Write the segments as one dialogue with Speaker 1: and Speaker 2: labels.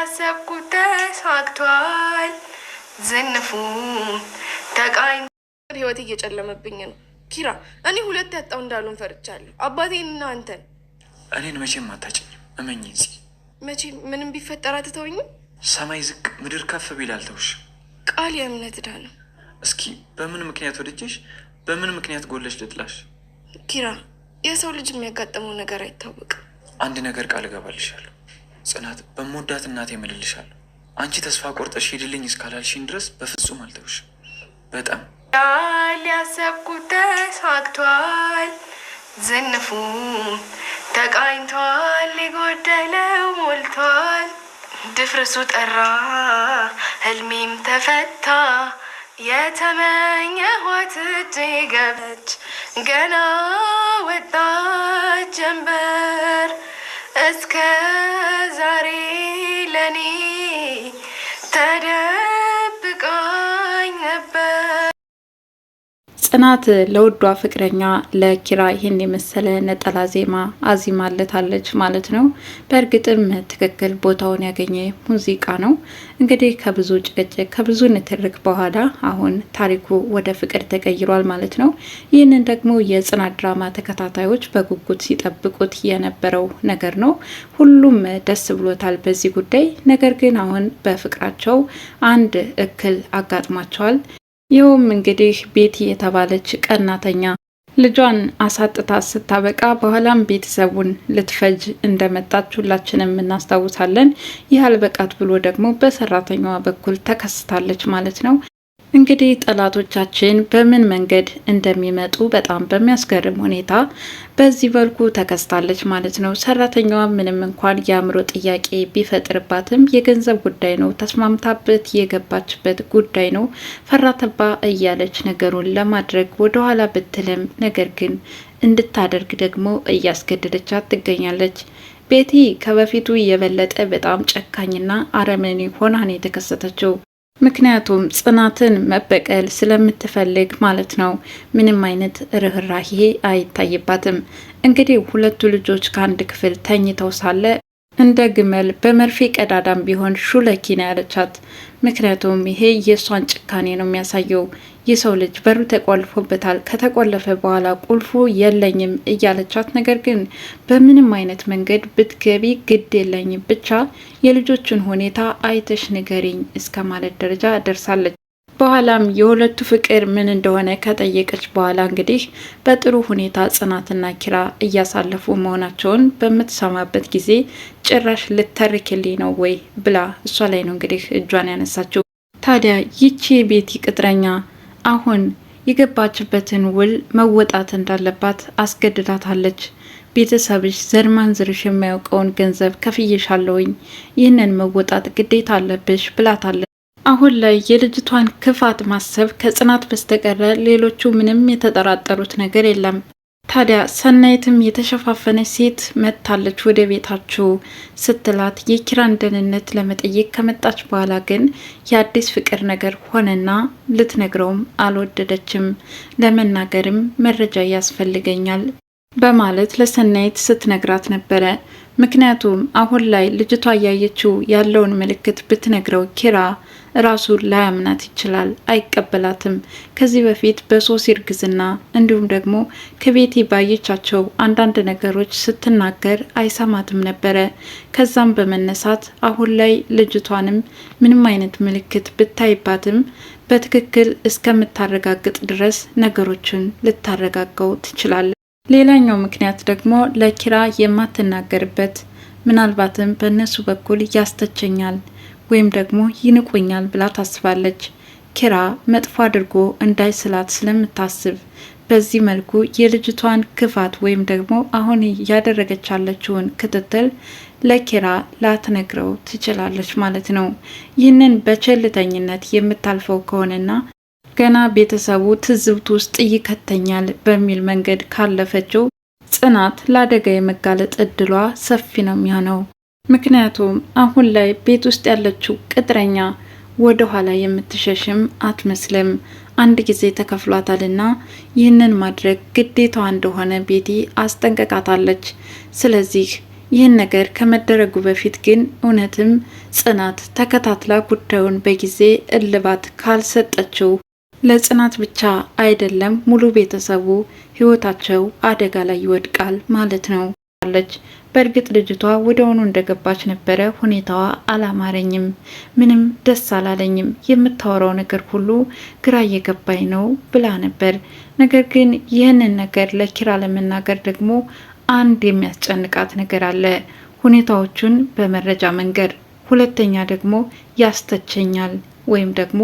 Speaker 1: ያሰብኩት ተሳክቷል። ዝንፉ ተቃኝ
Speaker 2: ህይወት እየጨለመብኝ ነው። ኪራ እኔ ሁለት ያጣው እንዳሉን ፈርቻለሁ። አባቴን እና አንተን።
Speaker 3: እኔን መቼም አታጭኝም፣ እመኝ እንጂ
Speaker 2: መቼም ምንም ቢፈጠር አትተውኝም።
Speaker 3: ሰማይ ዝቅ ምድር ከፍ ቢል አልተውሽም። ቃል የእምነት ዳ ነው። እስኪ በምን ምክንያት ወደጀሽ፣ በምን ምክንያት ጎለሽ ልጥላሽ?
Speaker 2: ኪራ የሰው ልጅ የሚያጋጥመው ነገር አይታወቅም።
Speaker 3: አንድ ነገር ቃል እገባልሻለሁ ጽናት በምወዳት እናቴ እምልልሻለሁ። አንቺ ተስፋ ቆርጠሽ ሄድልኝ እስካላልሽኝ ድረስ በፍጹም አልተውሽም። በጣም
Speaker 1: ያሰብኩት ተሳክቷል። ዝንፉ ተቃኝቷል። ሊጎደለው ሞልቷል። ድፍርሱ ጠራ፣ ህልሜም ተፈታ። የተመኘኋት እጄ ገበች ገና ወጣች ጀንበር እስከ ዛሬ ለኔ
Speaker 4: ጽናት ለውዷ ፍቅረኛ ለኪራ ይህን የመሰለ ነጠላ ዜማ አዚማለታለች ማለት ነው። በእርግጥም ትክክል ቦታውን ያገኘ ሙዚቃ ነው። እንግዲህ ከብዙ ጭቅጭቅ ከብዙ ንትርክ በኋላ አሁን ታሪኩ ወደ ፍቅር ተቀይሯል ማለት ነው። ይህንን ደግሞ የጽናት ድራማ ተከታታዮች በጉጉት ሲጠብቁት የነበረው ነገር ነው። ሁሉም ደስ ብሎታል በዚህ ጉዳይ። ነገር ግን አሁን በፍቅራቸው አንድ እክል አጋጥሟቸዋል። ይኸውም እንግዲህ ቤቲ የተባለች ቀናተኛ ልጇን አሳጥታ ስታበቃ በኋላም ቤተሰቡን ልትፈጅ እንደመጣች ሁላችንም እናስታውሳለን። ይህ አልበቃት ብሎ ደግሞ በሰራተኛዋ በኩል ተከስታለች ማለት ነው። እንግዲህ ጠላቶቻችን በምን መንገድ እንደሚመጡ በጣም በሚያስገርም ሁኔታ በዚህ በልኩ ተከስታለች ማለት ነው። ሰራተኛዋ ምንም እንኳን የአእምሮ ጥያቄ ቢፈጥርባትም የገንዘብ ጉዳይ ነው፣ ተስማምታበት የገባችበት ጉዳይ ነው። ፈራተባ እያለች ነገሩን ለማድረግ ወደኋላ ብትልም ነገር ግን እንድታደርግ ደግሞ እያስገደደቻት ትገኛለች። ቤቲ ከበፊቱ የበለጠ በጣም ጨካኝና አረመኔ ሆና ነው የተከሰተችው። ምክንያቱም ጽናትን መበቀል ስለምትፈልግ ማለት ነው። ምንም አይነት ርኅራሄ አይታይባትም። እንግዲህ ሁለቱ ልጆች ከአንድ ክፍል ተኝተው ሳለ እንደ ግመል በመርፌ ቀዳዳም ቢሆን ሹለኪ ነው ያለቻት። ምክንያቱም ይሄ የእሷን ጭካኔ ነው የሚያሳየው። የሰው ልጅ በሩ ተቆልፎበታል። ከተቆለፈ በኋላ ቁልፉ የለኝም እያለቻት፣ ነገር ግን በምንም አይነት መንገድ ብትገቢ ግድ የለኝም ብቻ የልጆችን ሁኔታ አይተሽ ንገሪኝ እስከ ማለት ደረጃ ደርሳለች። በኋላም የሁለቱ ፍቅር ምን እንደሆነ ከጠየቀች በኋላ እንግዲህ በጥሩ ሁኔታ ጽናትና ኪራ እያሳለፉ መሆናቸውን በምትሰማበት ጊዜ ጭራሽ ልተርክልኝ ነው ወይ ብላ እሷ ላይ ነው እንግዲህ እጇን ያነሳችው። ታዲያ ይቺ ቤት ቅጥረኛ አሁን የገባችበትን ውል መወጣት እንዳለባት አስገድዳታለች። ቤተሰብሽ ዘር ማንዝርሽ የማያውቀውን ገንዘብ ከፍዬሻለሁኝ፣ ይህንን መወጣት ግዴታ አለብሽ ብላታለች። አሁን ላይ የልጅቷን ክፋት ማሰብ ከጽናት በስተቀረ ሌሎቹ ምንም የተጠራጠሩት ነገር የለም። ታዲያ ሰናይትም የተሸፋፈነች ሴት መጥታለች ወደ ቤታችሁ ስትላት የኪራን ደህንነት ለመጠየቅ ከመጣች በኋላ ግን የአዲስ ፍቅር ነገር ሆነና ልትነግረውም አልወደደችም። ለመናገርም መረጃ ያስፈልገኛል በማለት ለሰናይት ስትነግራት ነበረ። ምክንያቱም አሁን ላይ ልጅቷ እያየችው ያለውን ምልክት ብትነግረው ኪራ ራሱ ላያምናት ይችላል፣ አይቀበላትም። ከዚህ በፊት በሶሲ እርግዝና እንዲሁም ደግሞ ከቤቲ ባየቻቸው አንዳንድ ነገሮች ስትናገር አይሰማትም ነበረ። ከዛም በመነሳት አሁን ላይ ልጅቷንም ምንም አይነት ምልክት ብታይባትም በትክክል እስከምታረጋግጥ ድረስ ነገሮችን ልታረጋገው ትችላለች። ሌላኛው ምክንያት ደግሞ ለኪራ የማትናገርበት ምናልባትም በእነሱ በኩል ያስተቸኛል ወይም ደግሞ ይንቁኛል ብላ ታስባለች። ኪራ መጥፎ አድርጎ እንዳይስላት ስለምታስብ በዚህ መልኩ የልጅቷን ክፋት ወይም ደግሞ አሁን እያደረገች ያለችውን ክትትል ለኪራ ላትነግረው ትችላለች ማለት ነው። ይህንን በቸልተኝነት የምታልፈው ከሆነና ገና ቤተሰቡ ትዝብት ውስጥ ይከተኛል በሚል መንገድ ካለፈችው ጽናት ለአደጋ የመጋለጥ እድሏ ሰፊ ነው የሚሆነው። ምክንያቱም አሁን ላይ ቤት ውስጥ ያለችው ቅጥረኛ ወደ ኋላ የምትሸሽም አትመስልም። አንድ ጊዜ ተከፍሏታልና ይህንን ማድረግ ግዴታዋ እንደሆነ ቤቲ አስጠንቀቃታለች። ስለዚህ ይህን ነገር ከመደረጉ በፊት ግን እውነትም ጽናት ተከታትላ ጉዳዩን በጊዜ እልባት ካልሰጠችው ለጽናት ብቻ አይደለም ሙሉ ቤተሰቡ ህይወታቸው አደጋ ላይ ይወድቃል ማለት ነው አለች። በእርግጥ ልጅቷ ወደውኑ እንደገባች ነበረ ሁኔታዋ አላማረኝም፣ ምንም ደስ አላለኝም፣ የምታወራው ነገር ሁሉ ግራ እየገባኝ ነው ብላ ነበር። ነገር ግን ይህንን ነገር ለኪራ ለመናገር ደግሞ አንድ የሚያስጨንቃት ነገር አለ። ሁኔታዎቹን በመረጃ መንገድ፣ ሁለተኛ ደግሞ ያስተቸኛል ወይም ደግሞ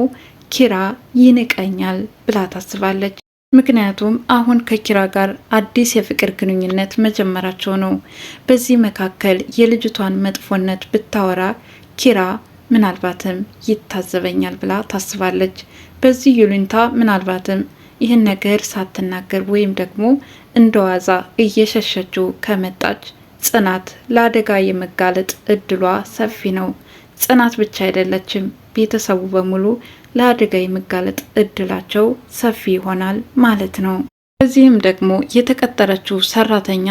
Speaker 4: ኪራ ይንቀኛል ብላ ታስባለች። ምክንያቱም አሁን ከኪራ ጋር አዲስ የፍቅር ግንኙነት መጀመራቸው ነው። በዚህ መካከል የልጅቷን መጥፎነት ብታወራ ኪራ ምናልባትም ይታዘበኛል ብላ ታስባለች። በዚህ ይሉኝታ ምናልባትም ይህን ነገር ሳትናገር ወይም ደግሞ እንደዋዛ እየሸሸችው ከመጣች ጽናት ለአደጋ የመጋለጥ እድሏ ሰፊ ነው። ጽናት ብቻ አይደለችም፣ ቤተሰቡ በሙሉ ለአደጋ የመጋለጥ እድላቸው ሰፊ ይሆናል ማለት ነው። በዚህም ደግሞ የተቀጠረችው ሰራተኛ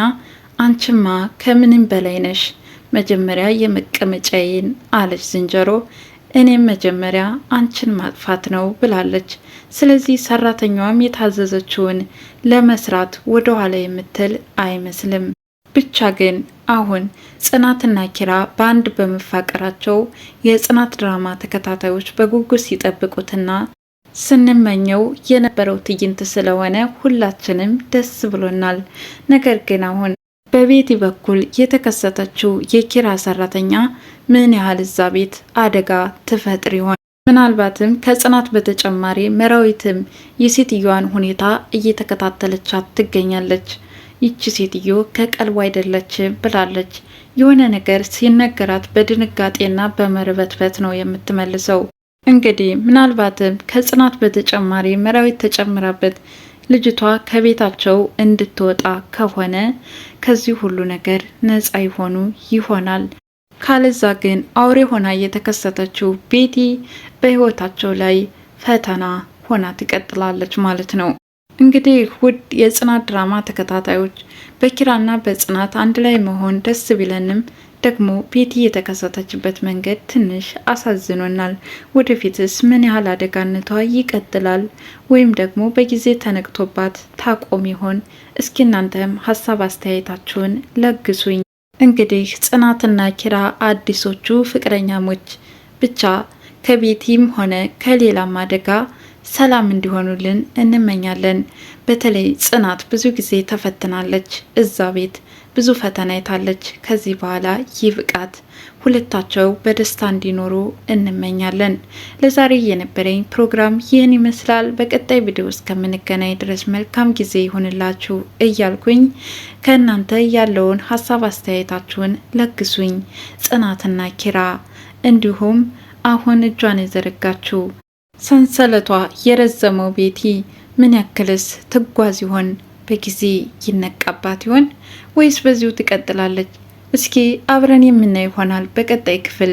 Speaker 4: አንችማ ከምንም በላይ ነሽ፣ መጀመሪያ የመቀመጫዬን አለች ዝንጀሮ። እኔም መጀመሪያ አንችን ማጥፋት ነው ብላለች። ስለዚህ ሰራተኛዋም የታዘዘችውን ለመስራት ወደኋላ የምትል አይመስልም። ብቻ ግን አሁን ጽናትና ኪራ በአንድ በመፋቀራቸው የጽናት ድራማ ተከታታዮች በጉጉት ሲጠብቁትና ስንመኘው የነበረው ትዕይንት ስለሆነ ሁላችንም ደስ ብሎናል። ነገር ግን አሁን በቤቲ በኩል የተከሰተችው የኪራ ሰራተኛ ምን ያህል እዛ ቤት አደጋ ትፈጥር ይሆን? ምናልባትም ከጽናት በተጨማሪ መራዊትም የሴትዮዋን ሁኔታ እየተከታተለቻት ትገኛለች። ይቺ ሴትዮ ከቀልቡ አይደለችም ብላለች። የሆነ ነገር ሲነገራት በድንጋጤና በመርበትበት ነው የምትመልሰው። እንግዲህ ምናልባትም ከጽናት በተጨማሪ መራዊት ተጨምራበት ልጅቷ ከቤታቸው እንድትወጣ ከሆነ ከዚህ ሁሉ ነገር ነፃ ይሆኑ ይሆናል። ካለዛ ግን አውሬ ሆና የተከሰተችው ቤቲ በህይወታቸው ላይ ፈተና ሆና ትቀጥላለች ማለት ነው። እንግዲህ ውድ የጽናት ድራማ ተከታታዮች በኪራና በጽናት አንድ ላይ መሆን ደስ ቢለንም ደግሞ ቤቲ የተከሰተችበት መንገድ ትንሽ አሳዝኖናል። ወደፊትስ ምን ያህል አደጋነቷ ይቀጥላል? ወይም ደግሞ በጊዜ ተነቅቶባት ታቆም ይሆን? እስኪ እናንተም ሀሳብ አስተያየታችሁን ለግሱኝ። እንግዲህ ጽናትና ኪራ አዲሶቹ ፍቅረኛሞች ብቻ ከቤቲም ሆነ ከሌላም አደጋ ሰላም እንዲሆኑልን እንመኛለን። በተለይ ጽናት ብዙ ጊዜ ተፈትናለች። እዛ ቤት ብዙ ፈተና አይታለች። ከዚህ በኋላ ይብቃት፣ ሁለታቸው በደስታ እንዲኖሩ እንመኛለን። ለዛሬ የነበረኝ ፕሮግራም ይህን ይመስላል። በቀጣይ ቪዲዮ እስከምንገናኝ ድረስ መልካም ጊዜ ይሁንላችሁ እያልኩኝ ከእናንተ ያለውን ሀሳብ አስተያየታችሁን ለግሱኝ። ጽናትና ኪራ እንዲሁም አሁን እጇን የዘረጋችው። ሰንሰለቷ የረዘመው ቤቲ ምን ያክልስ ትጓዝ ይሆን? በጊዜ ይነቃባት ይሆን ወይስ በዚሁ ትቀጥላለች? እስኪ አብረን የምናየው ይሆናል በቀጣይ ክፍል።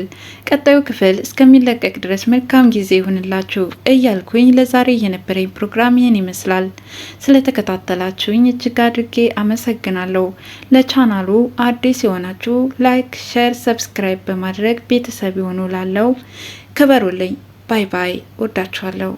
Speaker 4: ቀጣዩ ክፍል እስከሚለቀቅ ድረስ መልካም ጊዜ ይሁንላችሁ እያልኩኝ ለዛሬ የነበረኝ ፕሮግራም ይህን ይመስላል። ስለተከታተላችሁኝ እጅግ አድርጌ አመሰግናለሁ። ለቻናሉ አዲስ የሆናችሁ ላይክ፣ ሼር፣ ሰብስክራይብ በማድረግ ቤተሰብ ይሆኑ ላለው ክበሩልኝ። ባይ ባይ። ወዳችኋለሁ።